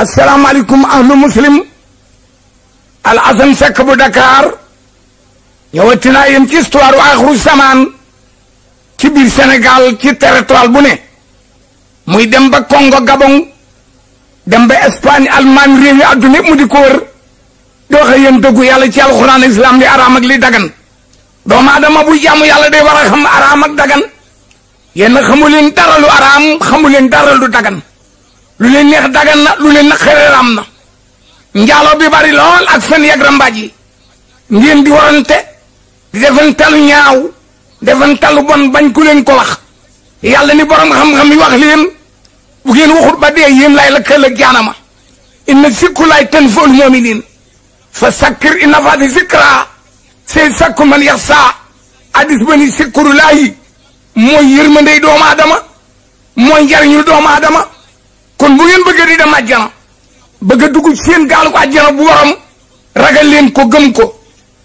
asalaamaaleykum ahlu muslim al azam sekk bu Dakar ñëwati naa ci histoire aaxiru samaan ci biir Sénégal ci territoire bu ne muy dem ba Congo Gabon dem ba Espagne Allemagne réew yi àdduna yëpp mu di ko wër doo xëy dëggu yàlla ci alxuraan islam li araam ak li dagan doomu adama bu jaamu yàlla day war a xam araam ak dagan xamu leen dara araam xamu leen dara lu dagan. lu leen neex dagan na lu leen naqare raam na njaaloo bi bari lool ak fen yeg rambaaj yi ngeen di warante di defantalu ñaaw defantalu bon bañ ku leen ko wax yàlla ni borom xam-xam yi wax leen bu ngeen waxut ba dee yéen laay lëkkal ak jaanama inna sikku laay tanfa'ul mu'minin fa sakkir inna faati sikra say sakku man yax saa addis ba ni sikkuru laay mooy yërmandey doomu aadama mooy njariñul doomu aadama kon bu ngeen bëgg di dem àjjana bëgg a dugg ci seen gaalu ko àjjana bu waram ragal leen ko gëm ko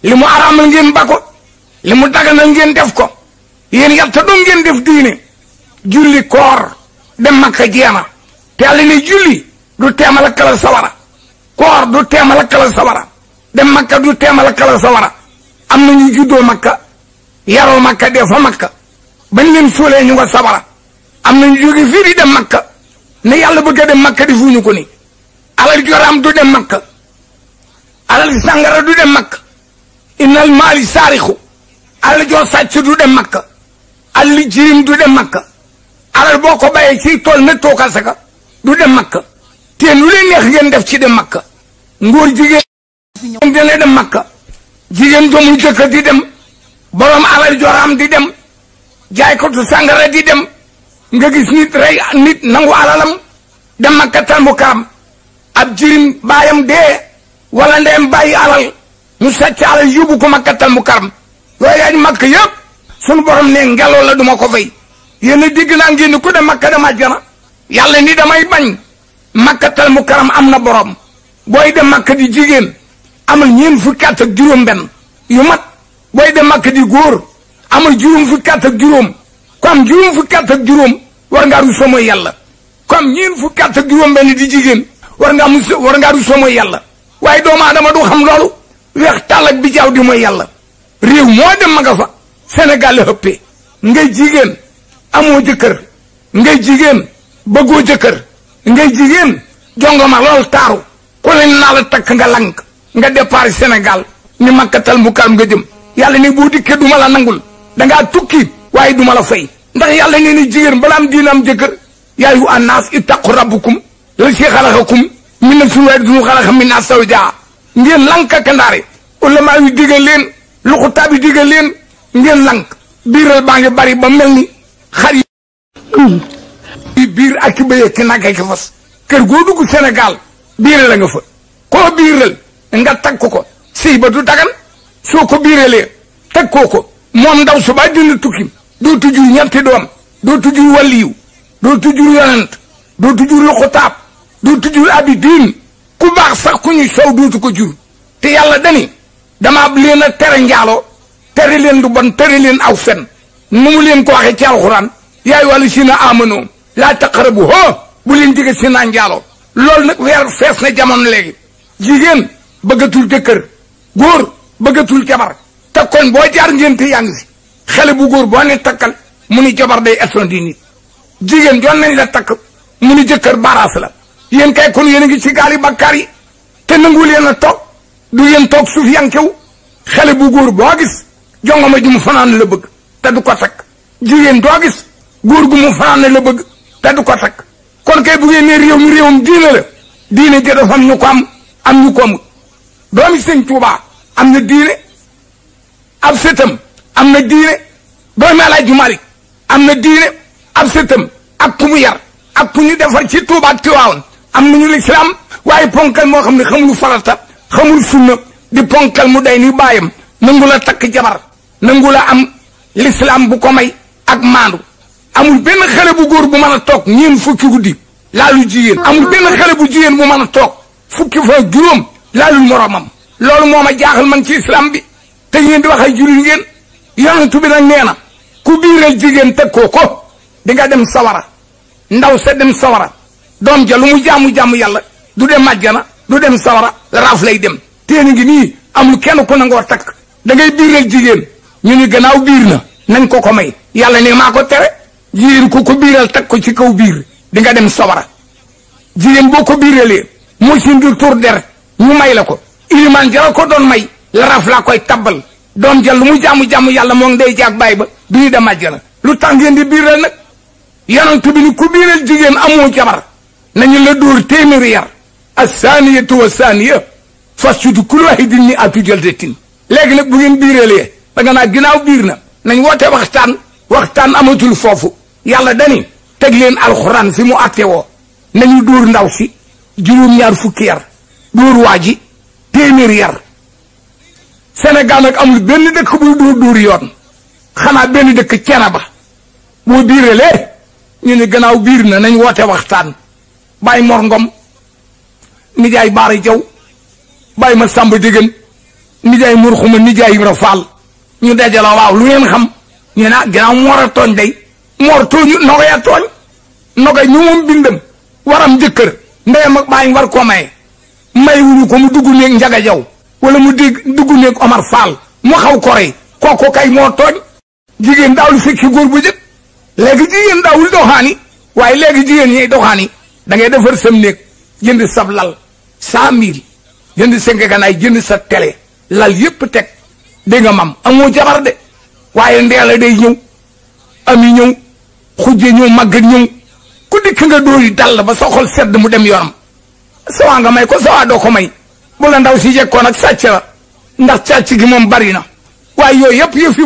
li mu araamal ngeen ba ko li mu daganal ngeen def ko yéen yatta doon ngeen def diine julli koor dem makka jeema te yàlla ne julli du teemal ak kala sawara koor du teemal ak kala sawara dem makka du teemal ak kala sawara am na ñu juddoo makka yaroo makka dee fa makka bañ leen suulee ñu nga sawara am na ñu jóge fii dem makka ne yàlla bëgg a dem makka di fuñu ko ni alal joraam du dem makka alal sàngara du dem makka innal maali saarixu alal joo sàcc du dem makka alal jirim du dem makka alal boo ko bàyyee ci tool ne tooka saka du dem makka te lu neex ngeen def ci dem makka ngóor jigéen dem makka jigéen jomu jëkk di dem borom alal joraam di dem jaaykatu sàngara di dem nga gis nit rey nit nangu alalam dem makkatal mu kaam ab jirim baayam dee wala ndeyam bàyyi alal mu sàcc alal yóbbu ko makkatal mu kaam yooyu ay makk yëpp sunu borom ne ngelaw la duma ko fay yéen a dégg naa ngeen ni ku dem makka dem àjjana yàlla ni damay bañ makkatal mu am na borom booy dem makka di jigéen amal ñeen fukki at ak juróom benn yu mat booy dem makka di góor amal juróom fukki juróom ku am juróom fukki juróom war ngaa ruusoo mooy yàlla ku am ñeen fukki at ak juróom benn di jigéen war nga mus war ngaa yàlla waaye doomu aadama du xam loolu weex tàll ak bi jaaw di mooy yàlla réew moo dem ma nga fa Sénégal la jigéen amoo jëkkër ngay jigéen bëggoo jëkkër nga jigéen jongoma lool taaru ku la takk nga lank nga départ Sénégal ni makkatal mu nga jëm yàlla ni boo dikkee duma la nangul dangaa tukki waaye duma la fay ndax yàlla nee na jigéen balaa am diina am jëkkër yaa ayyuha annaas ittaqu rabbakum lazii xalaqakum min nafsin waahidatin wa xalaqa minhaa zawjahaa ngeen lank ak ndaare ulamaa yu leen luxutaab yu digal leen ngeen lank biiral baa ngi bari ba mel ni xar biir ak ki bëy ak ki fas kër gu dugg Sénégal biiral la nga fa koo biiral nga tag ko ko sëy ba du dagan soo ko biiralee teg koo ko moon ndaw su ba dina dootu jur ñetti doom dootu jur waliyu dootu jur yonant dootu jur loxotaab dootu jur abidin ku baax sax ku ñuy soow dootu ko jur te yàlla dani dama leen a tere njaalo tere leen du bon tere leen aw fen nu mu leen ko waxee ci alxuraan yaay wàllu si na amanoo laa taqarabu hoo bu leen jege si naa njaalo loolu nag weer fees na jamono léegi jigéen bëggatul jëkkër góor bëggatul jabar te kon boo jaar ngénte yaa ngi si xale bu góor boo ne takkal mu ni jabar day estondi nit jigéen joon nañ la takk mu ni jëkkër baaraas la yéen kay kon yéen a ngi ci gaali bakkaar yi te nanguwul yéen a toog du yéen toog suuf yankew xale bu góor boo gis jongoma ji fanaan la bëgg te du ko takk jigéen doo gis góor gu mu fanaan la bëgg te du ko takk kon kay bu ngeen ne mu mi réewam diine diina diine ja dafa am ñu ko am am ñu ko amut doomi sëñ Tuubaa am na diine ab sëtam am na diine doomi Alaaji Malik am na diine ab sëtam ak ku yar ak ku ñu defar ci Tuuba ak Tiwaawan am nañu lislaam waaye ponkal moo xam ne xamul farata xamul sunna di ponkal mu day ni bàyyam nangu la takk jabar nangu la am lislaam bu ko may ak maandu amul benn xale bu góor bu mën a toog ñeen fukki guddi laalu jigéen amul benn xale bu jigéen bu mën a toog fukki fa juróom laalul moromam loolu moom ma jaaxal man ci islam bi te yéen di wax ay jullit ngeen yonent bi nag nee na ku biiral jigéen teg koo ko di dem sawara ndaw sa dem sawara doom ja lu mu jaamu-jaamu yàlla du dem màjjana du dem sawara raaf lay dem téeni ngi nii amul kenn ku nangoo takk da ngay biiral jigéen ñu ni gannaaw biir na nañ ko ko may yàlla ne maa ko tere jigéen ku ko biiral teg ko ci kaw biir di nga dem sawara jigéen boo ko biiralee moo ci ndu tur der ñu may la ko ilimaan jara ko doon may la raaf koy tabbal doom ja lu mu jàmm-jàmm yàlla moo ngi day jaag baay ba du ñu dem àjjana lu tax ngeen di biiral nag yonent bi ni ku biiral jigéen amoo jabar nañu la dóor téeméeri yar assaaniyatu wa saaniya fasjudu kullu waahidin ni atu jaldatin léegi nag bu ngeen biiralee da nga naa ginnaaw biir na nañ woote waxtaan waxtaan amatul foofu yàlla dani teg leen alxuraan si mu atte woo nañu dóor ndaw si juróom-ñaar fukki yar dóor waa ji téeméeri yar Sénégal nag amul benn dëkk buy dóor dóor yoon xanaa benn dëkk cene ba boo biiralee ñu ne gannaaw biir na nañ woote waxtaan bàyyi Mor Ngom nijaay Baara Jaw bàyyi ma samb Dégén nijaay Mor Xuma nijaay Ibra Fall ñu daje la waaw lu ngeen xam ñu ne ah gannaaw Mor a tooñ day Mor tooñu Nogay a tooñ Nogay ñu moom bindam waram jëkkër ndeyam ak bàyyi war ko may may ko mu dugg néeg Njaga Jaw wala mu dégg dugg néeg Omar Fall mu xaw ko rey kooku kay moo tooñ jigéen daawul fekki góor bu jëkk léegi jigéen daawul doxaani waaye léegi jigéen ñiy doxaani da ngay defar sam néeg jënd sab lal cent mille jënd sa ngeganaay jënd sa télé lal yépp teg dégg nga mam amoo jabar de waaye ndeela day ñëw ami ñëw xujje ñëw màggat ñëw ku dikk nga dóori dal ba sa xol sedd mu dem yoram sawaa nga may ko sawaa doo ko may bu la ndaw si jekkoon ak sàcc ndax càcc gi moom bari na waaye yooyu yëpp yëfi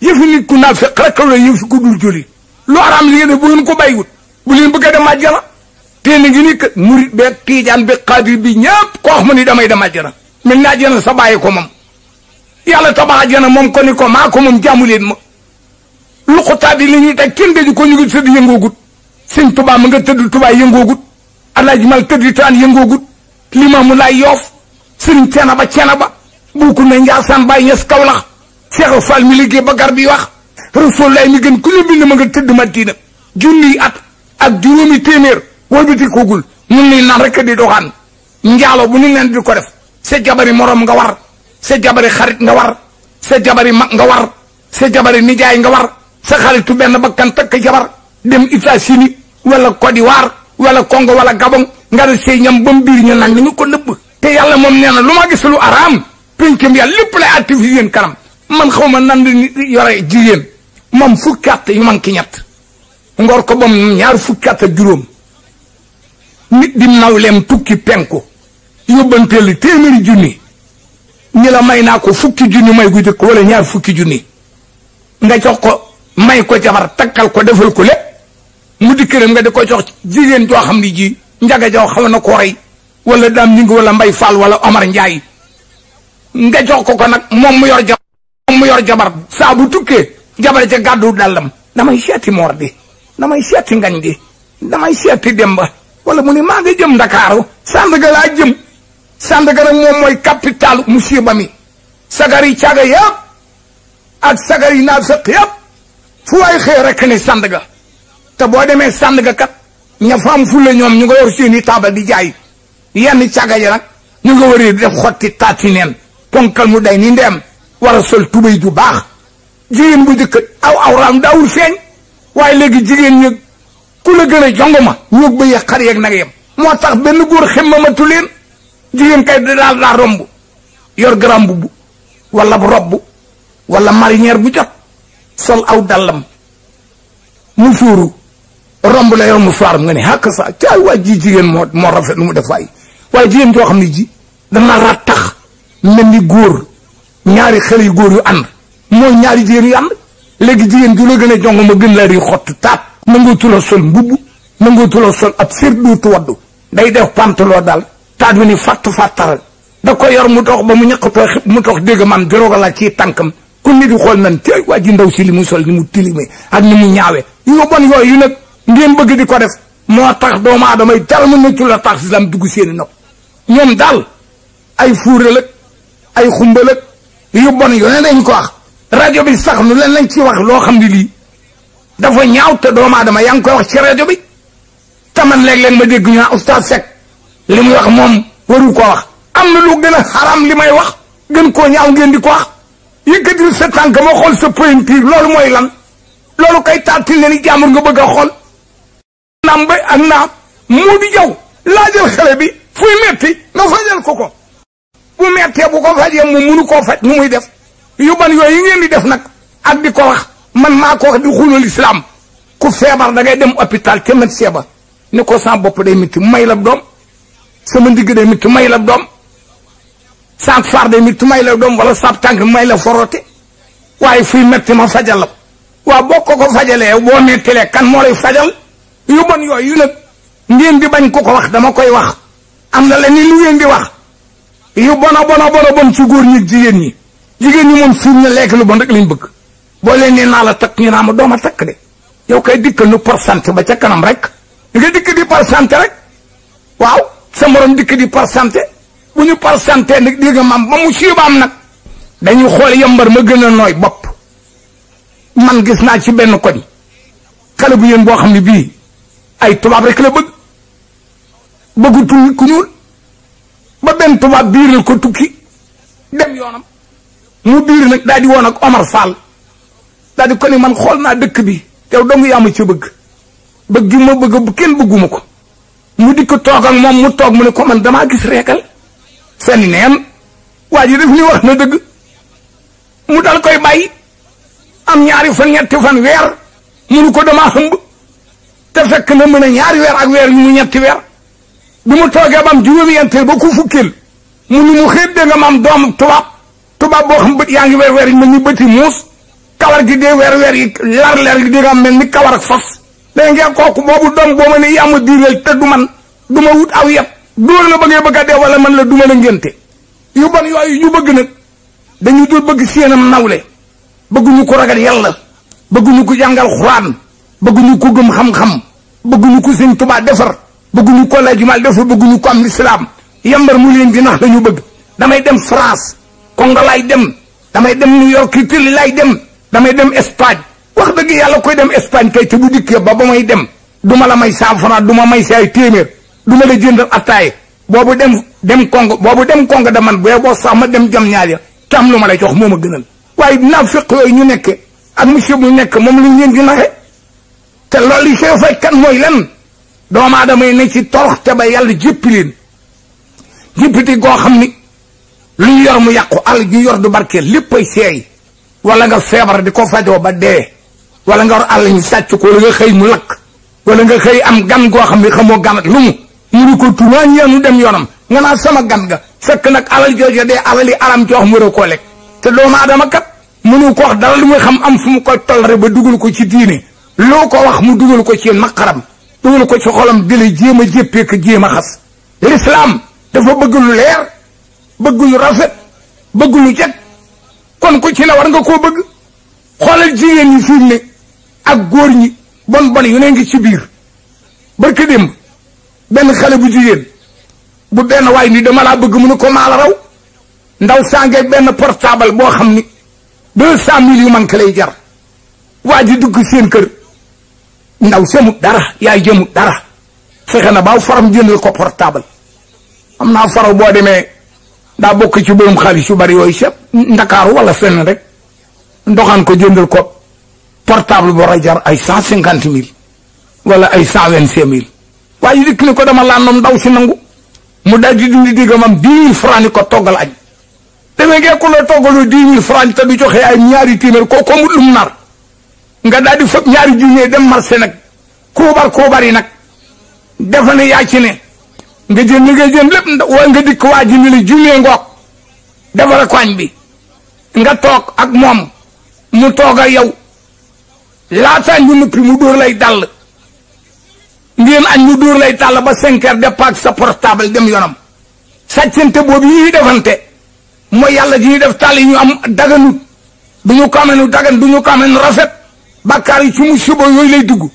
yëfi nit ku naafeq rek la yëfi ku dul julli lu araam li ngeen def bu ngeen ko bàyyiwut bu leen bëggee dem àjjana te ni ngi ni que murit beeg tiijaan bi xaadir bi ñëpp ko wax mu ni damay dem àjjana mel ni àjjana sa bàyyi ko moom yàlla tabax àjjana moom ko ni ko maa ko moom jaamu leen ma lu ko taat yi li ñuy teg kenn daju ko ñu ngi tëdd yëngoogut sëñ tubaa ma nga tëdd tubaa yëngoogut alaaji mal tëdd taan yëngoogut limaamu laay yoof sëriñ cana ba cana ba buuku na njaasaan bàyyi ñes kawlax seexu fall mi liggéey ba gar bi wax rasulullah mi gën ku la bind ma nga tëdd madina junniy at ak juróomi téeméer walbati koogul nun nii nan rek di doxaan njaalo bu ni leen di ko def sa jabari morom nga war se jabari xarit nga war sa jabari mag nga war sa jabari nijaay nga war sa xaritu benn bakkan takk jabar dem États-Unis wala Côte d'Ivoire wala Congo wala Gabon nga ne ñam ba mu biir ñu naan ñu ko nëbb te yàlla moom nee na lu ma gis lu araam péncam yàlla lépp lay àtte fi yéen kanam man xaw ma nan la yore jigéen moom fukki at yu man ki ñett ngor ko bam ñaar fukki at ak juróom nit di nawleem tukki penku yóbbanteelu téeméeri junni ñi may naa ko fukki junni may gu jëkk wala ñaar fukki junni nga jox ko may ko jabar takkal ko defal ko lépp mu di këram nga di ko jox jigéen joo xam ni ji njaga joo xaw na ko rey wala daam ñi ngi mbay faal wala Omar Njaay nga jox ko ko nag moom mu yor jabar moom mu yor jabar saa bu tukkee jabar ca gàddu dàllam damay seeti moor di damay seeti ngañ di damay seeti demba wala mu ne maa nga jëm ndakaaru Sandaga laa jëm Sandaga nag moom mooy capital musiba mi sagar yi caga yëpp ak sagar yi naafeq yëpp fu waay xëy rek ne Sandaga te boo demee Sandaga kat ña fa am fulla ñoom ñu nga yor seeni taabal di jaay yenn càgga ja nag ñu nga waree def xotti taati neen ponkal mu day ni ndeem war a sol tubéy ju baax jigéen bu njëkk aw awraam daawul feeñ waaye léegi jigéen ñi ku la gën a jong ma ñoog ba yeeg xar nag yem moo tax benn góor xemmamatu leen jigéen kay daal daa romb yor garam bu wala robb wala marinière bu jot sol aw dallam mu suuru romb la yor mu soir nga ne xàkk sa caay waa ji jigéen moo moo rafet nu mu def waay waaye jigéen joo xam ne ji dana rattax mel ni góor ñaari xel yu góor yu ànd mooy ñaari jigéen yu ànd léegi jigéen ju la gën a jongo ma gën la di xott taat nangoo tula sol mbubb nangoo tula sol ab sér dootu waddu day def pantaloo daal taat bi ni fàttu fàttaral da ko yor mu dox ba mu ñaq tooy mu dox dégg man diroga la ci tànkam ku nit di xool nan tey waa ji ndaw si li mu sol ni mu tilime ak ni mu ñaawe yu bon yooyu nag ngeen bëgg di ko def moo tax doomu aadama yi dara mën na ci la tax si lam dugg seeni nopp ñoom daal ay fuural ak ay xumbal ak yu bon yu ne lañ ko wax rajo bi sax nu leen lañ ci wax loo xam ni lii dafa ñaaw te doomu aadama yaa ngi koy wax ci rajo bi taman léeg-léeg ma dégg ñu a oustaz Seck li muy wax moom waru ko wax am na lu gën a xaram li may wax gën koo ñaaw ngeen di ko wax yëkkatil sa tànk ma xool sa pointure loolu mooy lan loolu kay taatil leen i jàmbur nga bëgg a xool naam ba ak naam moo di jaw laajal xale bi fuy metti na fajal ko ko bu mettee bu ko fajee mu munu koo faj nu muy def yu ban yooyu ngeen di def nag ak di ko wax man maa ko wax di xulul islam ku feebar da dem hôpital te médecin ba ne ko sa bopp day métti may la doom sama ndigg day may la doom saak faar day métti may la doom wala saab tànk may la forote waaye fuy metti ma fajal la waaw boo ko ko fajalee boo mettilee kan moo lay fajal yu bon yooyu nag ngeen di bañ ku ko wax dama koy wax am na leneen lu ngeen di wax yu bona bona bona bon su góor ñi jigéen ñi jigéen ñi moom suur na lekk lu bon rek lañ bëgg boo leen naa la takk ñu naa ma dooma takk de yow kay dikkal nu pourcent ba ca kanam rek di nga dikk di pourcent rek waaw sa morom dikk di pourcent bu ñu pourcent nag dégg nga maam ba mu siibaam nag dañu xool yambar ma gën a nooy bopp man gis naa ci benn koñ xale bu yéen boo xam ne bii ay tubaab rek la bëgg bëggu tu ku ñuul ba benn tubaab biiral ko tukki dem yoonam mu biir nag daal di woon ak Omar Fall daal ko ni man xool naa dëkk bi te yow dong yaa ma ci bëgg bëgg gi ma bëgg kenn bëgguma ko mu di ko toog ak moom mu toog mu ne ko man damaa gis reekal seen neen waa ji def ni wax na dëgg mu dal koy bàyyi am ñaari fan ñetti fan weer munu ko damaa xëmb te fekk na mën a ñaari weer ak weer yu mu ñetti weer bu mu toogee ba am juróomi yenteel ba ku fukkil mu ni mu xëy da nga ma am doom tubaab tubaab boo xam bët yaa ngi weer weer yi mel ni bëti muus kawar gi dee weer weer yi lar lar gi di nga mel ni kawar ak fas da ngeen kooku boobu doom boo ma ne yaa ma diiral te du man du ma wut aw yet dóor la ba ngay bëgg a dee wala man la du ma la ngénte yu bon yooyu ñu bëgg nag dañu dul bëgg seenam nawle bëgguñu ko ragal yàlla bëgguñu ko jàngal xuraan bëgguñu ko gëm xam-xam bëgguñu ko sëñ Tuubaa bëgguñu ko lay jumal dafa bëgguñu ko am lislaam yambar mu leen di nax la bëgg damay dem France Congo laay dem damay dem New York Italie laay dem damay dem Espagne wax dëgg yàlla koy dem Espagne kay te bu dikkee ba ba may dem du ma la may cent franc du ma may say téeméer du ma la jëndal attaaye boobu dem dem Congo boobu dem Congo da man sax ma dem jam ñaar tam lu ma lay jox moom ma gënal waaye naafiq yooyu ñu nekk ak monsieur bu nekk moom lañ leen di naxe te loolu li koy fay kan mooy lan doomu aadama yi nañ ci torox te ba yàlla jéppi leen goo xam ni lu ñu yor mu yàqu al ju yor du barke lépp ay seey wala nga feebar di ko fajoo ba dee wala nga war àll ñu sàcc ko wala nga xëy mu lakk wala nga xëy am gan goo xam ne xamoo ganat lu mu mu di ko tuwaañ yeenu dem yoonam nga naa sama gan ga fekk nag alal jooju dee alali aram ci wax mu koo lekk te doomu aadama kat mënu ko wax dara lu xam am fu mu koy tollare ba dugal ko ci diine loo ko wax mu dugal ko ci naqaram dugal ko ci xolam di la jéem a jéppee ka jéem a xas lislaam dafa bëgg lu leer bëgg lu rafet bëgg lu jag kon ko ci ne nga koo bëgg xoolal jigéen ñi fi ne ak góor ñi bon bon yu ne ngi ci biir barka démb benn xale bu jigéen bu benn waay ni dama laa bëgg mënu ko maala raw ndaw sàngee benn portable boo xam ni deux cent mille yu manque lay jar waa ji dugg seen kër ndaw semu dara yaay jëmu dara fexe na baaw faram jëndal ko portable am naa faraw boo demee daa bokk ci borom xaalis yu bari yooyu sëpp ndakaaru wala fenn rek ndoxaan ko jëndal ko portable boo rajar ay cent cinquante mille wala ay cent vingt cinq mille waaye dikk ni ko dama laa noom ndaw si nangu mu daal di dindi diggamam dix mille franc ni ko toggal añ demee gee ku la toggalu dix mille franc te du joxe ay ñaari téeméer kooku amul lum nar nga daal di fob ñaari junni dem marché nag koobar koobar yi nag defe na yaa ci nga jël li nga jël lépp wa nga dikk waa ji ni la junni ngoog defara koñ bi nga toog ak moom mu toog ak yow laataa ñu noppi mu dóor lay dàll ngeen añ mu dóor lay dàll ba cinq heures départ sa portable dem yoonam sàccante boobu yi ñuy defante mooy yàlla ji ñuy def tàll yi ñu am daganut du ñu ko amee nu dagan du ñu ko amee nu rafet bàkkaar yi ci mu suba yooyu lay dugg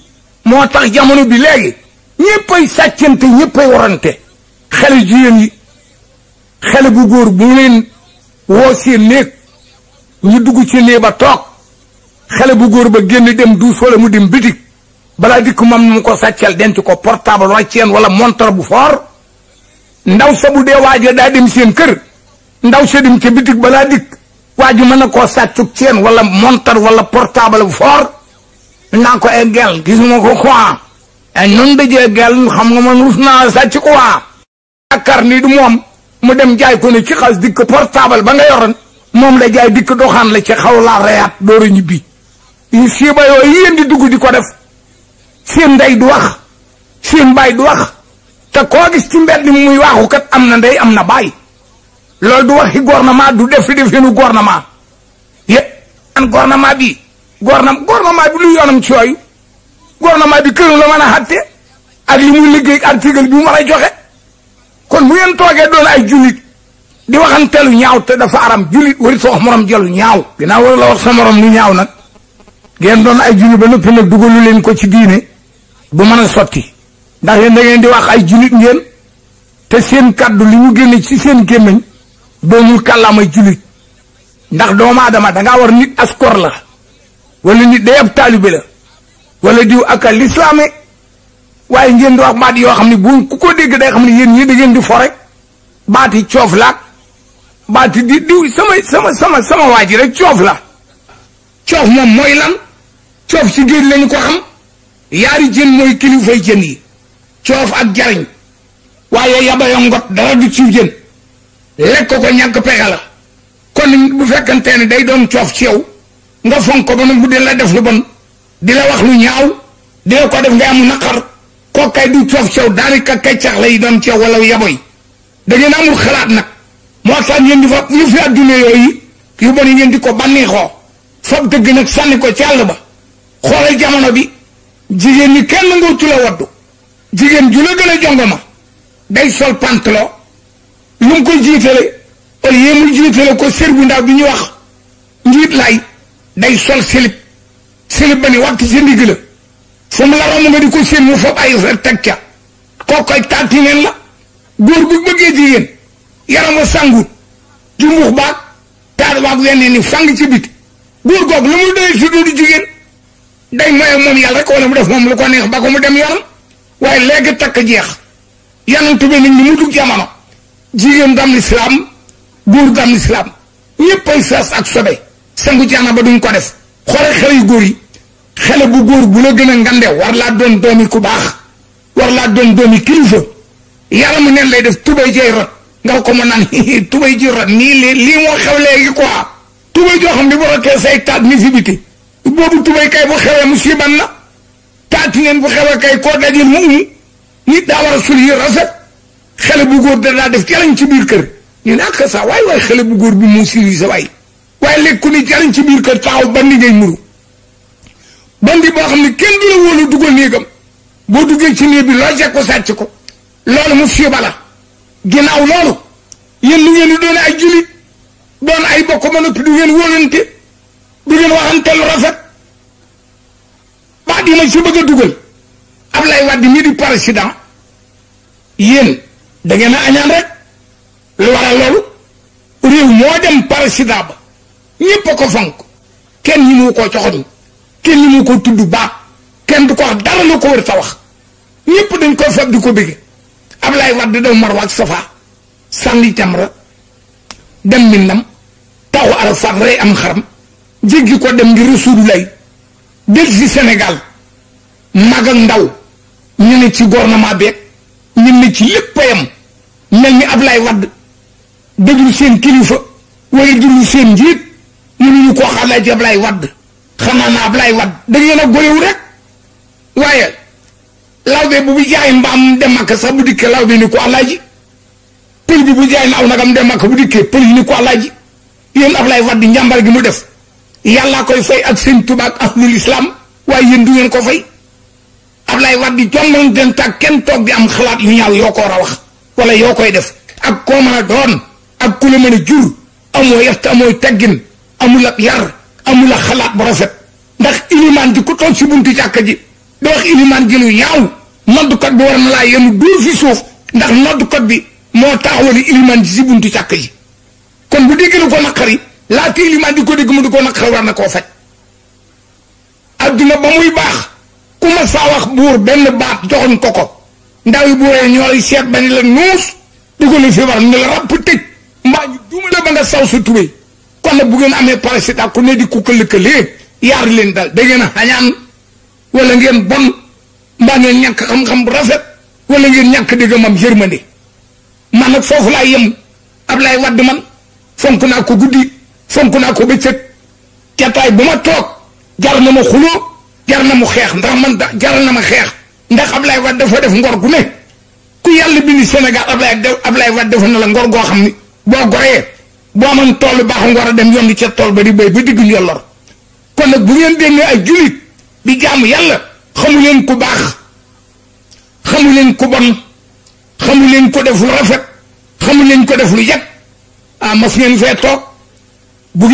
moo tax jamono bi léegi ñëppay sàccante ñëppay warante xale jigéen yi xale bu góor bu leen woo seen néeg ñu dugg ci néeg ba toog xale bu góor ba génn dem duus wala mu dem bitig balaa dikk mam nu mu ko sàccal denc ko portable wala ceen wala montar bu foor ndaw sa bu dee waaja daa dem seen kër ndaw sa dem ca bitig balaa dikk waa ji mën na koo sàccuk ceen wala montar wala portable bu foor naa ko eggel gisuma ko ko quoi ay noonu dajee gel xam nga man rus naa sàcc quoi yaakaar ni du moom mu dem jaay ko ne ci xas dikk portable ba nga yoroon moom la jaay dikk doxaan la ci xaw laa reyaat dooru ñibbi siiba yooyu yéen di dugg di ko def seen ndey du wax seen baay du wax te koo gis ci mbedd mi muy waaxu kat am na ndey am na baay loolu du waxi gouvernement du def definu gouvernement yépp an gouvernement bi gornam gornamaay bi luy yoonam ci yooyu gornamaay bi këram la man a xatte ak li muy liggéey ak tigal bi mu mën a joxe kon bu ngeen toogee doon ay julit di waxantelu ñaaw te dafa aram jullit wari wax morom jëlu ñaaw ginnaaw war la wax sa morom lu ñaaw nag ngeen doon ay jullit ba noppi nag dugalu leen ko ci diine bu mën sotti ndax ngeen di wax ay jullit ngeen te seen kàddu li ñu génne ci seen gémmiñ doonul kàllaamay jullit ndax doomu aadama dangaa war nit askor la wala nit day ab taalibe la wala diw ak a lislaame waaye ngeen di wax baat yoo xam ne bu ku ko dégg day xam ne yéen ñii da ngeen di fore baati coof laag baati di diw sama sama sama sama waa ji rek coof la coof moom mooy lan coof ci géej lañu ko xam yaari jën mooy kilifay jën yi coof ak jariñ waaye yabaya ngot dara du ci jën lekk ko ñàkk pexe la kon bu ne day doon coof ci yow nga fonk ko ba nag bu dee la def lu bon di la wax lu ñaaw di la ko def nga am naqar kooku kay du coof cew daanaka kay cax lay doon cew wala yaboy da ngeen amul xalaat nag moo tax ngeen di fa yu fi di ko bànneexoo foog dëgg nag sànni ko ci àll ba xoolal jamono bi jigéen ñi kenn nga wutu la waddu jigéen ju la gën a jongoma day sol pantalon lu mu koy jiitale wala yéemul jiitale ko sér bu ndaw ñuy wax njiit lay day sol silib silib ba ni wàcc ci ndigg la fu mu la romb nga di ko séen mu foog ay teg ca kookoy taatineen la góor bu bëggee jigéen yaramu sangut jumbux baag taar baag weneen ni fang ci bit góor googu lu muy doyee si duudu jigéen day maye moom yàlla rek wala mu def moom lu ko neex ba ko mu dem yaram waaye léegi takk jeex yanant bi nit ñi mu dugg jamono jigéen dam lislaam góor dam lislaam ñëppay sas ak sobe sangu janaaba duñ ko def xoolal xale yu góor yi xele bu góor bu la gën a ngande war laa doon doomi ku baax war laa doon doomi kilifa yaramu neen lay def tubay jey rot nga ko mën naan tubay ji rot nii lii lii moo xew léegi quoi tubay joo xam ne bu rokkee say taat ni si biti boobu tubay kay bu xewee musiban la taati neen bu xewee kay koo dajil mu um nit daa war a sul yi rafet xale bu góor da daa def ci ci biir kër ñu ne ak ah, sa waay waay xale bu góor bi mu siri sa waaye léegi ku ni jariñ ci biir kër taxaw bandi ngay muru bandi boo xam ne kenn du la wóolu dugal néegam boo duggee ci néeg bi loo jag ko sàcc ko loolu mu fi bala ginnaaw loolu yéen lu ngeen di doon ay jullit doon ay bokk ba noppi du ngeen wóolante du ngeen waxante lu rafet wax di ma ci bëgg a dugal Ablaye Wade di président yéen da a añaan rek lu waral loolu réew moo dem président ba ñëpp a ko fonk kenn ñi mu koo coxoñ kenn ñi mu ko tudd baat kenn du ko wax dara lu ko wër ta wax ñëpp dañ ko fab di ko bëgg Ablaye Wade daw Marwa ak Safa sànni Jamra dem Minam taxu Arafat rey am xaram jéggi ko dem ngir Rasulullah del si senegal mag ndaw ñu ne ci gouvernement beeg ñu ne ci lépp yam mel ni Ablaye Wade déglu seen kilifa wala déglu seen njiit mënuñu koo xamee ci Ablaye Wade xamaa ma Ablaye Wade da ngeen a goyewu rek waaye lawbe bu bu jaay mbaam dem ak sax bu dikkee lawbe ni ko alaaji pël bi bu jaay naaw nagam dem ak bu dikkee pël yi ni ko alaaji yéen Ablaye Wade gi mu def yàllaa koy fay ak seen tubaab ahlul islam waaye yéen du ngeen ko fay Ablaye Wade jommal den tàg kenn toog di am xalaat yu ñaaw yoo ko war a wax wala yoo koy def ak koo mën doon ak ku la mën a jur amoo yett amoo teggin amul ab yar amul ab xalaat bu rafet ndax ilimaan ji ku toog si buntu jàkka ji da ak ilimaan ji lu ñaaw noddukat bi war na laa yenu duur fi suuf ndax noddukat bi moo taxawali ilimaan ji si buntu jàkka ji kon bu dégg lu ko naqari laata ilimaan di dégg mu di ko naqari war na koo faj adduna ba muy baax ku saa wax buur benn baat joxoñ ko ko ndaw yi buuree ñooy seet ba ni la nuus dugalu fi war ni la ràpp tëj mbaa ñu duma la ba nga saw sa tubéy wala bu ngeen amee parasita ku ne di ku këllëkëlee yaar leen dal da ngeen a ngeen bon mbaa ngeen ñàkk xam-xam bu rafet wala ngeen ñàkk dégg mam yërmande man nag foofu laay yem Ablaye Wade man fonk naa ko guddi fonk naa ko bëccëg jataay bu ma toog jar na ma xuloo jar na mu xeex ndax man da jaral na ma xeex ndax Ablaye Wade dafa def ngor gu ne ku yàlla bindi Sénégal Ablaye Ablaye Wade dafa na la ngor goo xam ni boo goree boo amoon tool baax nga war a dem yondi ca tool ba di béy ba digg njolloor kon nag bu ngeen déggee ay julit di jaamu yàlla xamu leen ku baax xamu leen ku bon xamu leen ko def lu rafet xamu leen ko def lu yàq ah mas ngeen fee toog bu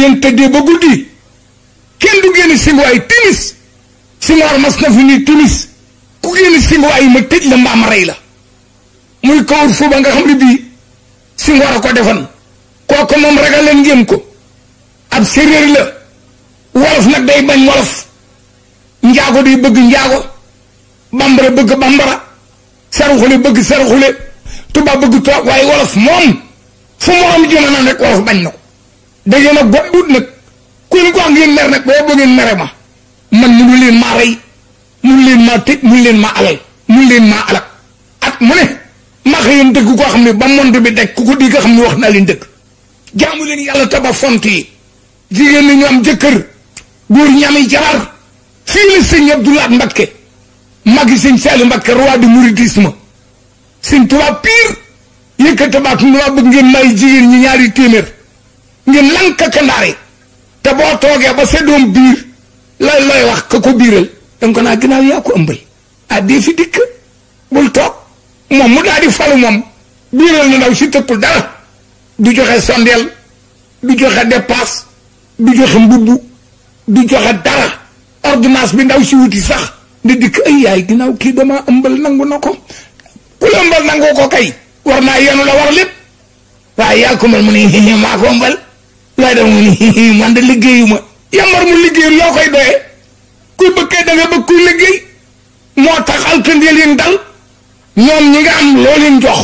ba guddi kenn du génn si ay si noor mas na fi ni timis ku ay ma tëj la mbaam rey la muy kawar fu ba nga xam ne bii si ngoor a ko defan kooku moom ragal leen jéem ko ab séeréer la wolof nag day bañ wolof njaago day bëgg njaago bambara bëgg bambara saraxule bëgg saraxule tubaab bëgg tubaab waaye wolof moom fu mu am jëmanaan rek wolof bañ na ko da ngeen a goddut nag kuñ ko wax ngeen mer nag boo bëggee mere ma man munu leen maa rey munu leen maa tëj munu leen maa alal munu leen maa alak at mu ne ma xëyoon dëgg koo xam ne ba monde bi daj ku ko di nga xam ne wax naa leen dëgg jaamu leen yàlla taba font yi jigéen ñi ñu am jëkkër góor ñami jaar fii la sëñ Abdoulaat Mbakke magi sëñ Saali Mbakke roi du mouridisme sëñ Tuubaa pire yëkkate baat mu laa bëgg ngeen may jigéen ñi ñaari téeméer ngeen lank kandaare te boo toogee ba sa doom biir lay looy wax ka ko biiral danga ko naa ginnaaw yaa ko ëmbal ah dee fi dikk bul toog moom mu daal falu moom biiral na ndaw si tëkkul dara du joxe sondeel du joxe dépasse du joxe mbubb du joxe dara ordonnance bi ndaw si wuti sax di dikk ay yaay ginnaaw kii dama ëmbal nangu na ko ku la nangoo ko kay war naa yenu la war lépp waaye yaa ko mbal mu ne maa ko ëmbal waaye dama mu ne loo koy doyee kuy bëggee da bëgg kuy liggéey moo tax alkandeel yin dal ñoom ñi nga am loo leen jox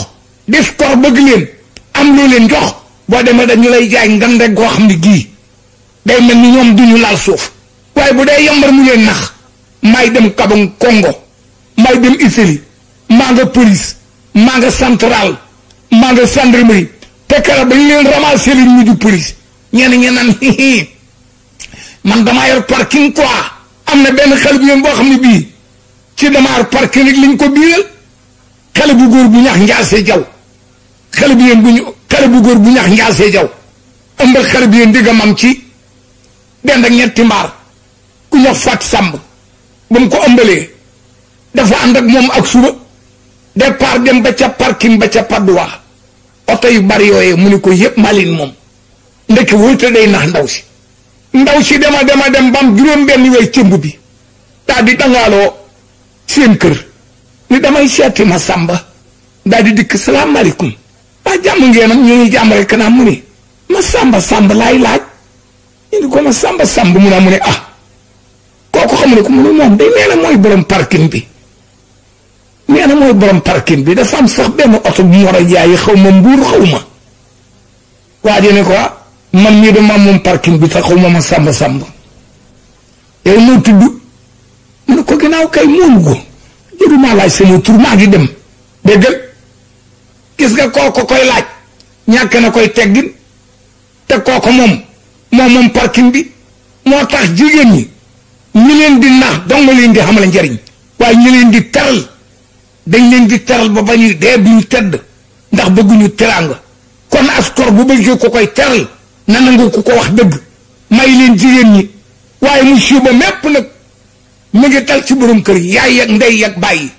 bëgg leen am loo leen jox boo demee dañu lay jaay ngan rek goo xam ne gii day mel ni ñoom duñu laal suuf waaye bu dee yambar mu leen nax maay dem Gabon Congo maay dem Italie maa nga police maa nga central maa nga gendarmerie te kala ba ñu leen ramasser li ñu du police ñenn ñi man damaa yor parking quoi am na benn xel bu ngeen boo xam ne bii ci damaa yor parking liñ ko biiral xale bu góor bu ñax njaasee jaw xale bu yéen bu ñu xale bu góor bu ñax njaasee jaw ëmbal xale bu yéen digga mam ci dend ak ñetti mbaar ku ñax fàtt sàmb ba ko ëmbalee dafa ànd ak moom ak suba départ dem ba ca parking ba ca Padois oto yu bari yooyee mu ni ko yëpp malin moom ndekki wóyte day nax ndaw si ndaw si dema dema dem bam juróom benn weer cëmb bi daal di dangaaloo seen kër ni damay seeti ma sàmba daal di dikk salaamaaleykum waa jàmm ngeenam ñu ngi jàmm rek kanam mu ni ma sàmba sàmb laay laaj ñu ni ko ma sàmba sàmb mu naa mu ne ah kooku xam ne ko mu moom day nee na mooy borom parking bi nee na mooy borom parking bi dafa am sax benn oto bu mu a jaayi xaw ma mbuur xaw ma waa ji ko ah, man mii dama moom parking bi te xaw ma ma sàmb sàmb yow noo tudd mu ne ko ginnaaw kay moomu ko jëru maa laaj sama tur maa ngi dem déggal gis nga kooko koy laaj ñàkk na koy teggin te kooko moom moom moom parking bi moo tax jigéen ñi ñi leen di nax dong leen di xamal njariñ waaye ñi leen di teral dañ leen di teral ba bañuy dee duñu tedd ndax bëgguñu teraanga kon askor bu bëggee ko koy teral na nangu ku ko wax dëgg may leen jigéen ñi waaye mu ba mépp nag mu ngi dal ci borom kër yaay yag ndey yag bàyyi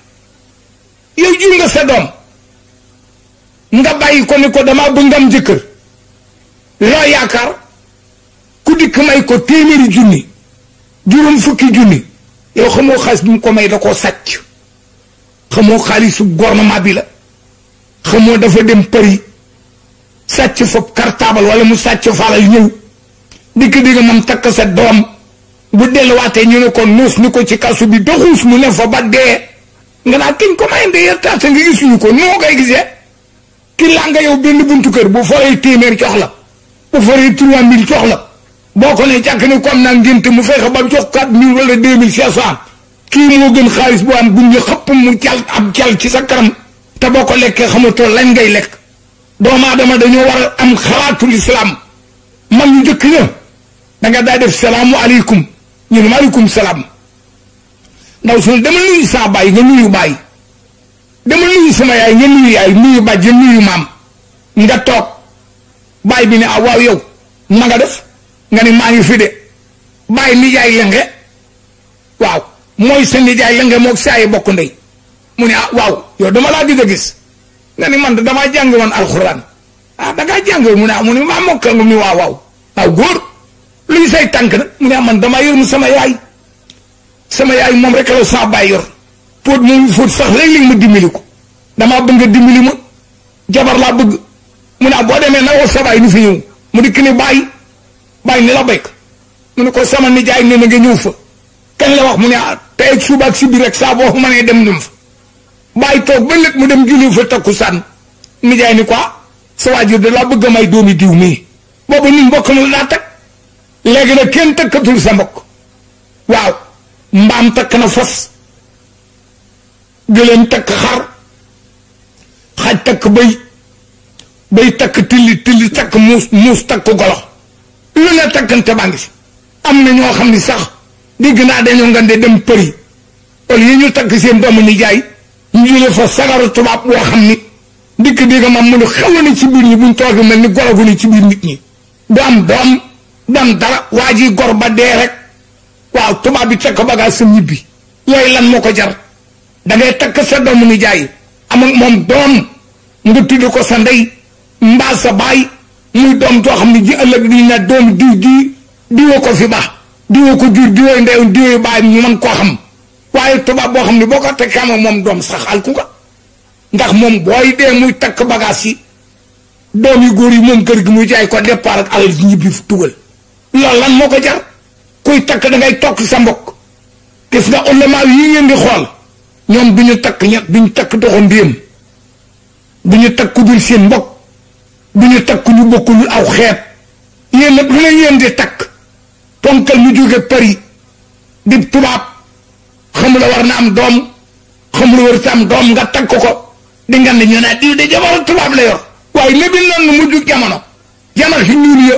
yow jur nga sa nga bàyyi ko ni ko damaa bëgg am jëkkër loo yaakaar ku dikk may ko téeméeri junni juróom fukki junni yow xamoo xaalis bi mu ko may da koo sàcc xamoo xaalisu gouvernement bi la xamoo dafa dem Paris sàcc fa cartable wala mu sàcc faalal ñëw dikk di nga moom takk sa doom bu delluwaatee ñu ne ko nuus ni ko ci kasu bi doxuus mu ne fa ba dee nga naa kiñ ko may ndeyal taata nga gisuñu ko noo koy gisee ki la nga yow benn buntu kër bu foree téeméer jox la bu foree trois mille jox la boo ko ne jàkk ne ko am naa ngénte mu fexe ba jox quatre mille wala deux mille cinq cent kii moo gën xaalis bu am bu ñu xëpp mu jal ab jal ci sa kanam boo ko lekkee xamatoo lañ ngay lekk doomu aadama dañoo war a am xalaatul islaam man ñu njëkk ña da nga def salaamu aleykum ñu ne maaleykum salaam ndaw su ne demal nuyu saa bàyyi nga nuyu bàyyi dem nuyu sama yaay nga nuyu yaay nuyu bàjj nuyu maam nga toog bàyyi bi ne aw ah, waaw yow na nga def nga ne maa ngi fi de bàyyi nijaay lenge waaw mooy sa nijaay lenge moog saa yi bokk mu ne ah waaw yow dama laa gëj a gis nga ne man damaa jàng woon alxuraan ah da ngaa mu ne ah mu ne maa mokk mu ne waaw waaw waaw ah, góor luy tànk mu ne ah man dama yor mu sama yaay sama yaay moom rek la saa bàyyi fóot moom fóot sax léeg-léeg ma dimbali ko damaa bëgg a dimbali ma jabar laa bëgg mu ne ah boo demee na woo sabaay nu fi ñëw mu dikk ni bàyyi bàyyi ni la béyk mu ne ko sama nijaay ne na a ñëw fa kañ la wax mu ne ah tey ak suba ak si bi rek saa boo mënee dem ñum fa bàyyi toog ba lépp mu dem julli fa takku sànn nijaay ni quoi ah, sa waajur da laa bëgg a may doomi diw mi boobu ñun mbokk na laa takk léegi nag kenn takkatul sa mbokk waaw mbaam takk na fos gëleen takk xar xaj takk bëy bëy takk tilli tilli takk muus muus takk golo lu a takkante baa ngi si am na ñoo xam ni sax dégg naa ñoo nga de dem përi wala yi ñu takk seen doomu ni jaay ñu jële fa sagaru tubaab boo xam ni dikk dégg mam mu ne xaw na ci biir ñi buñ toogee mel ni golo gu ne ci biir nit ñi du am doom dan dara waa ji gor ba dee rek waaw tubaab bi takk bagage sa ñibbi yooyu lan moo ko jar dangay ngay takk sa doomu ni jaay am moom doom nga tudd ko sa ndey mbaa sa baay muy doom too xam ne ji ëllëg di na doom diw ji diwoo ko fi baax diwoo ko jur diwooy ndeyu diwooy baay ñu mën koo xam waaye tubaab boo xam ne boo ko tekkee am moom doom sax alku nga ndax moom booy dee muy takk bagage yi doom yu góor yi moom kër gi muy jaay ko départ ak alal ji ñibbi tugal loolu lan moo ko jar kuy takk da ngay toog sa mbokk gis nga ulama yi ngeen di xool ñoom bu ñu takk ña du ñu takk doxam mbiyam ñu takk ku dul seen mbokk bu ñu takk ñu bokkul aw xeet yéen nag lu leen yéen di takk ponkal mu jóge Paris di tubaab xamula war na am doom xamula war sa am doom nga takk ko di nga ne ñu ne diw de jabar tubaab la yor waaye lébi noonu mujj jamono jamono si ñuul ya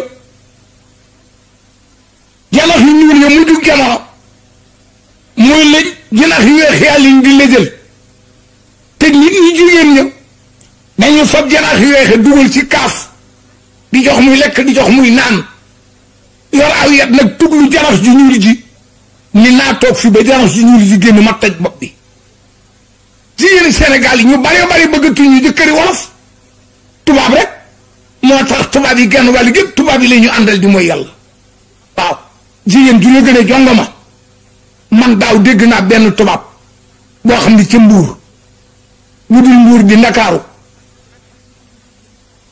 jamono si ñuul ya mujj jamono mooy la jënax yu weex yàlla yi di lëjal te nit ñi jigéen ña dañu fab janax yu weexe dugal ci kaaf di jox muy lekk di jox muy naan yor aw yat nag tuglu janax ju ñuul ji ni naa toog fi ba janax ju ñuul ji génn ma taj bopp bi jigéeni Sénégal yi ñu bare bare bëggatuñu jëkkëri wolof tubaab rek moo tax tubaab yi genn wal gépp tubaab i la ñu àndal di moy yàlla waaw jigéen du la gën a jongoma man daaw dégg naa benn tubaab boo xam ne ci mbuur bu dul mbuur bi ndakaaru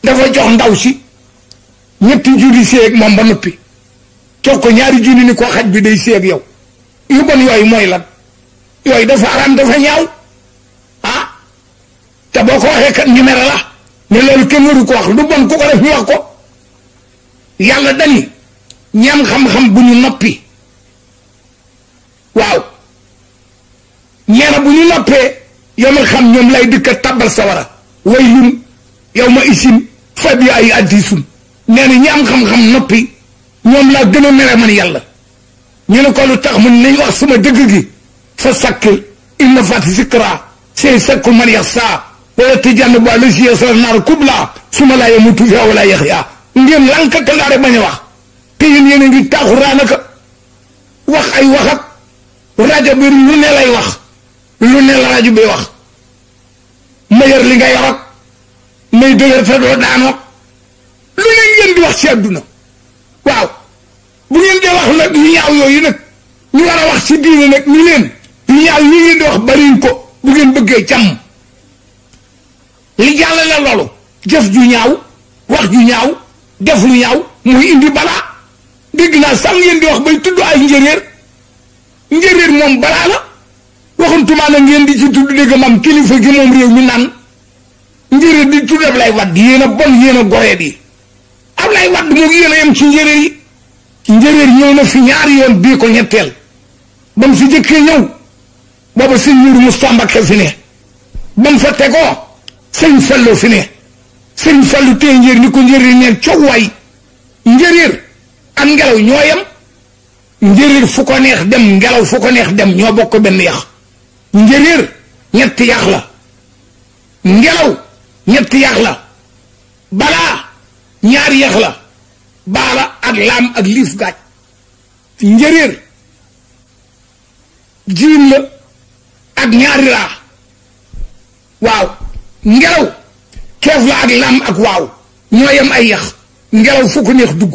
dafa jox ndaw si ñetti junni séeg moom ba noppi jox ko ñaari junni ni ko xaj bi day séeg yow yu bon yooyu mooy lan yooyu dafa araam dafa ñaaw ah te boo ko waxee kat numéro la loolu kenn waru ko wax lu bon ku ko def ñu wax ko yàlla dani ñam xam-xam bu ñu noppi waaw nee na bu ñu noppee yomal xam ñoom lay dëkka tàbbal sawara way lun yow ma isin fabi ay addisun nee na ñi am xam-xam noppi ñoom laa gën a mere man yàlla ñu ne tax mun nañ wax suma dëgg gi fa sakkir inna fati sikra sey sakku man yax saa wala tijann ba lu si yasra naar kubla suma laa yamutu fiha wala yaxya ngeen lànk tandaare bañ wax te yéen yéen a ngi taaxuraanaka wax ay waxat rajo bi lu ne lay wax lu ne la rajo bi wax ma yor li nga yorog may dëgër sa doo daanoog lu ne ngeen di wax ci àdduna waaw bu ngeen wax nag yu ñaaw yooyu nag ñu war a wax ci diine nag ñu leen yu ñaaw yi ngeen wax bariñ ko bu ngeen bëggee jàmm li jàll la jëf ju ñaaw wax ju ñaaw def lu ñaaw muy indi balaa dégg naa sax ngeen di wax bay tudd ay njëréer njëriñ moom balaa la waxuntuma na ngeen di ci tudd dégg mam kilifa gi moom réew mi naan njëriñ di tudd Ablaye Wade yéen a bon yéen a goree di Ablaye Wade moom yéen a yem ci njëriñ yi njëriñ ñëw na fi ñaari yoon bii ko ñetteel ba mu fi jëkkee ñëw booba sëñ Mourou Moustapha Mbacké fi ne ba mu fa tegoo sëñ Fallou fi ne sëñ Fallou tey ni ko njëriñ ne coow waay njëriñ am ngelaw ñoo njëriñ fu ko neex dem ngelaw fu ko neex dem ñoo bokk benn yax njëriñ ñetti yax la ngelaw ñetti yax la balaa ñaari yax la baala ak laam ak liif gaaj njëriñ jiin la ak ñaari raa waaw ngelaw keef la ak laam ak waaw ñoo yem ay yax ngelaw fu ko neex dugg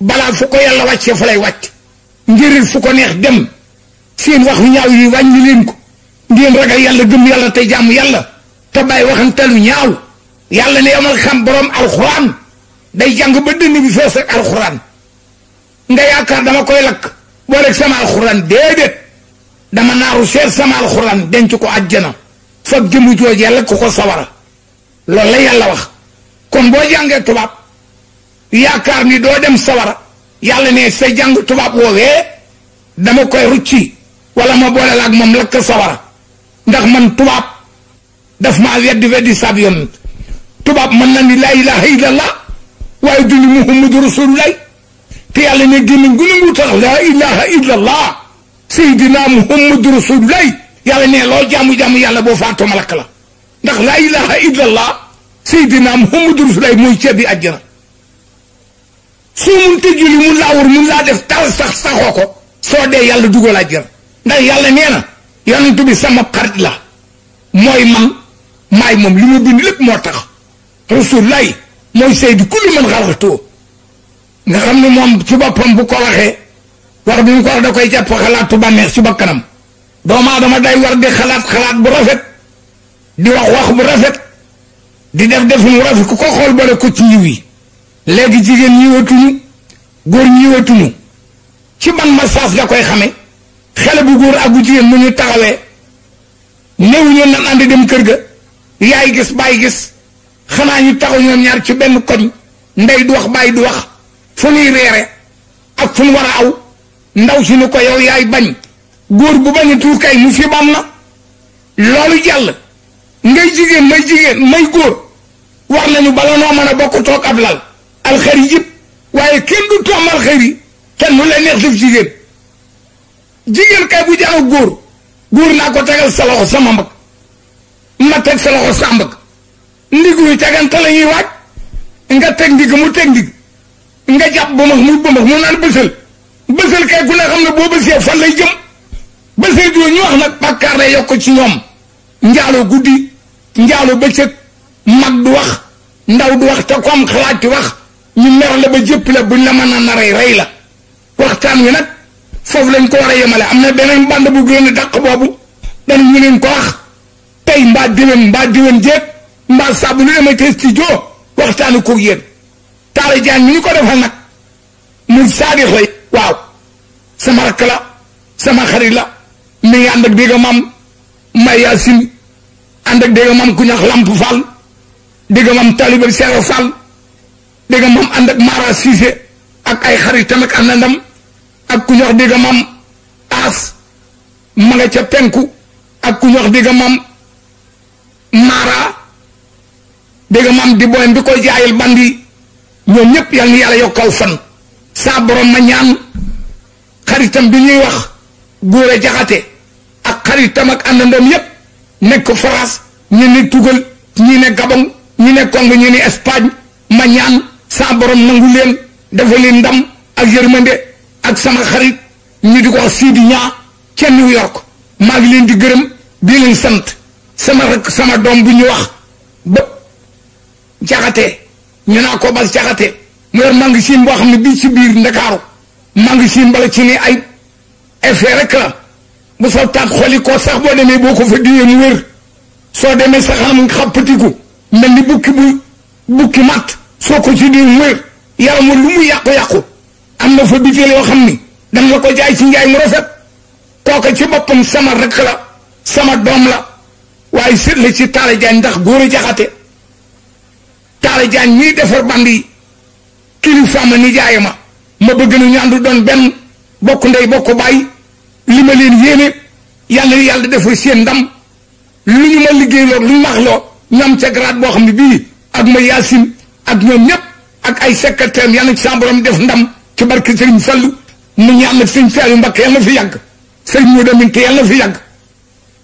balaa fu ko yàlla wàccee fa ngir fu ko neex dem seen wax yu ñaaw yi wàññi ko ngeen ragal yàlla gëm yàlla te jàmm yàlla te bàyyi waxantalu ñaaw yàlla ne amal xam borom alxuraan day jàng ba dënn bi fees ak alxuraan nga yaakaar dama koy lakk boo rek sama alxuraan déedéet dama naaru seet sama alxuraan denc ko àjjana fag jëmu jooj yàlla ko ko sawara loolu la yàlla wax kon boo jàngee tubaab yaakaar ni doo dem sawara yàlla ne sa jàng tubaab woowee dama koy rucci wala ma boole la ak moom lakk sawara ndax man tubaab daf maa weddi weddi sab yoon tubaab mën na ni laa ilaha illallah waaye du ni muhammadu rasulullah te yàlla ne génn gu la mu tax laa ilaha illallah sayyidina muhammadu rasulullah yàlla ne loo jaamu-jaamu yàlla boo faatoo ma lakk la ndax laa ilaha illallah sayyidina muhammadu rasulullah mooy ceeb bi àjjana soo mënta julli mun laa war mun laa def tal sax saxoo ko soo dee yàlla dugal àjjana ndax yàlla nee na yonent bi sama xarit la mooy man maay moom li mu bind lépp moo tax rasulaay mooy saydi kulli man xalaxtoo nga xam ne moom ci boppam bu ko waxee wax bi mu ko wax da koy jàpp xalaatu bànneex ci bakkanam doomu aadama day war di xalaat xalaat bu rafet di wax wax bu rafet di def def mu rafet ku ko xool bale ko ci yiw yi léegi jigéen ñi watuñu góor ñi ci ban message nga koy xame xale bu góor ak bu jigéen mu ñu taxawee néew ñoon nan ànd dem kër ga yaay gis bàyyi gis xanaa ñu taxaw ñoom ñaar ci benn koñ ndey du wax bàyyi du wax fu ñuy reere ak fu ñu war a aw ndaw si ni ko yow yaay bañ góor bu bañ a tuur kay mu fi bam na loolu jàll ngay jigéen may jigéen may góor war nañu bala noo mën a bokk toog ab lal alxari yëpp waaye kenn du toom alxari kenn lu la neex def jigéen jigéen kay bu jàng góor góor naa ko tegal sa loxo sama mbag ma teg sa loxo sa yu tegante la ñuy waaj nga teg ndig mu teg ndig nga jàpp bëmëx muy bëmëx mu naan bësël bësël kay ku ne xam ne boo bësee fan lay jëm bësël joo ñu wax nag bàkkaar day yokk ci ñoom njaaloo guddi njaaloo bëccëg mag du wax ndaw du wax te ko am xalaat wax ñu mer la ba jëpp la buñ la na a naree rey la waxtaan wi nag foofu lañ ko war a yemale am na beneen bande bu génn dàq boobu dañ ñu leen ko wax tey mbaa déwén mbaa déwén jéeg mbaa saabu lu demee studio waxtaanu koog yéen Talla Diagne mi ñu ko defal nag mu saadi xëy waaw sama rakk la sama xarit la mi ngi ànd ak dégg maam may Yaasin ànd ak dégg maam ku ñax Lamp Fall dégg maam Talibe Seero Fall dégg maam ànd ak ak ay xaritam ak àndandam ak ku ñox dégg maam aas ma ca penku ak ku ñox dégg maam Mara dégg maam di booyam bi koy jaayil bandi ñoom ñëpp yal na yàlla yokkaw fan. saa borom ma ñaan xaritam bi ñuy wax góore jaxate ak xaritam ak àndandam yépp nekk France ñi ne tugal ñi ne Gabon ñi ne Congo Espagne ma ñaan. saa borom nangu leen dafa leen ndam ak yërmande ak sama xarit ñu di ko wax Sidi Ñaa ca New York maa ngi leen di gërëm di leen sant sama rek sama doom bu ñu wax ba jaxate ñu naa ko bal jaxate mu yor boo xam ne bii ci biir Ndakaaru magasin bala ci ne ay effet rek la bu soo taat xooli ko sax boo demee boo ko fa diyee mu wér soo demee sax am xappatiku mel ni bukki bu bukki matt soo ko ci di wër yaram wa lu mu yàqu-yàqu am na fa biteel yoo xam ni dañ la ko jaay ci njaay mu rafet ko ci boppam sama rek la sama doom la waaye sët la ci taala jaañ ndax góor a jaxate taala jaañ ñiy defar band yi kilifa ma ni jaay ma ma bëgg na ñu àndu doon benn bokk ndey bokk bay li ma leen yéene yàlla yàlla defal seen ndam lu ñu ma liggéey loog lu ñu max ñam ca grade boo xam ne bii ak ma yaasin ak ñoom ñëpp ak ay secrétaire yal na ci sa borom def ndam ci barke Serigne Fallou mu ñi am na Serigne Saliou Mbacké yal na fi yàgg Serigne Modou Aminta yal na fi yàgg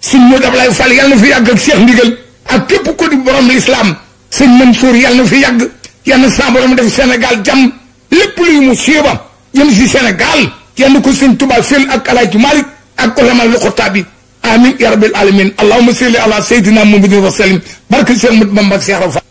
Serigne Modou Ablaye Fall yal na fi yàgg ak Cheikh Ndigal ak képp ko di borom l'islam Serigne Mansour yal na fi yàgg yal na sa borom def Sénégal jàmm lépp luy mu siiba jëm si Sénégal yal na ko Serigne Touba Sel ak El Hadj Malick ak ulama loxotaa bi amin ya rabbil alamin allahumma salli ala sayyidina muhammadin wa sallim barke Cheikh Ahmadou Bamba ak Cheikh Rafa